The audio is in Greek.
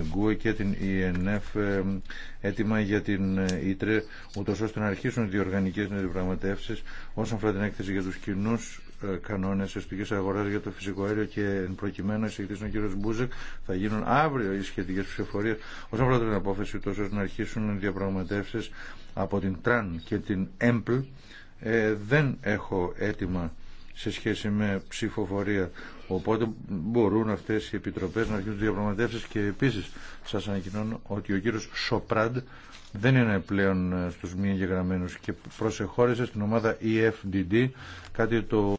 ΓΚΟΕ και την ΙΕΝΕΦ e έτοιμα για την ΙΤΡΕ, ε, ούτω ώστε να αρχίσουν οι διοργανικέ διαπραγματεύσει όσον αφορά την έκθεση για του κοινού ε, κανόνε εσωτερική αγορά για το φυσικό αέριο και εν προκειμένου εισηγητή ο κ. Μπούζεκ θα γίνουν αύριο οι σχετικέ ψηφοφορίε όσον αφορά την απόφαση, ούτω ώστε να αρχίσουν οι διαπραγματεύσει από την ΤΡΑΝ και την ΕΜΠΛ. Ε, δεν έχω έτοιμα σε σχέση με ψηφοφορία. Οπότε μπορούν αυτές οι επιτροπές να αρχίσουν διαπραγματεύσεις και επίσης σας ανακοινώνω ότι ο κύριος Σοπράντ δεν είναι πλέον ε, στους μη εγγεγραμμένους και προσεχώρησε στην ομάδα EFDD κάτι το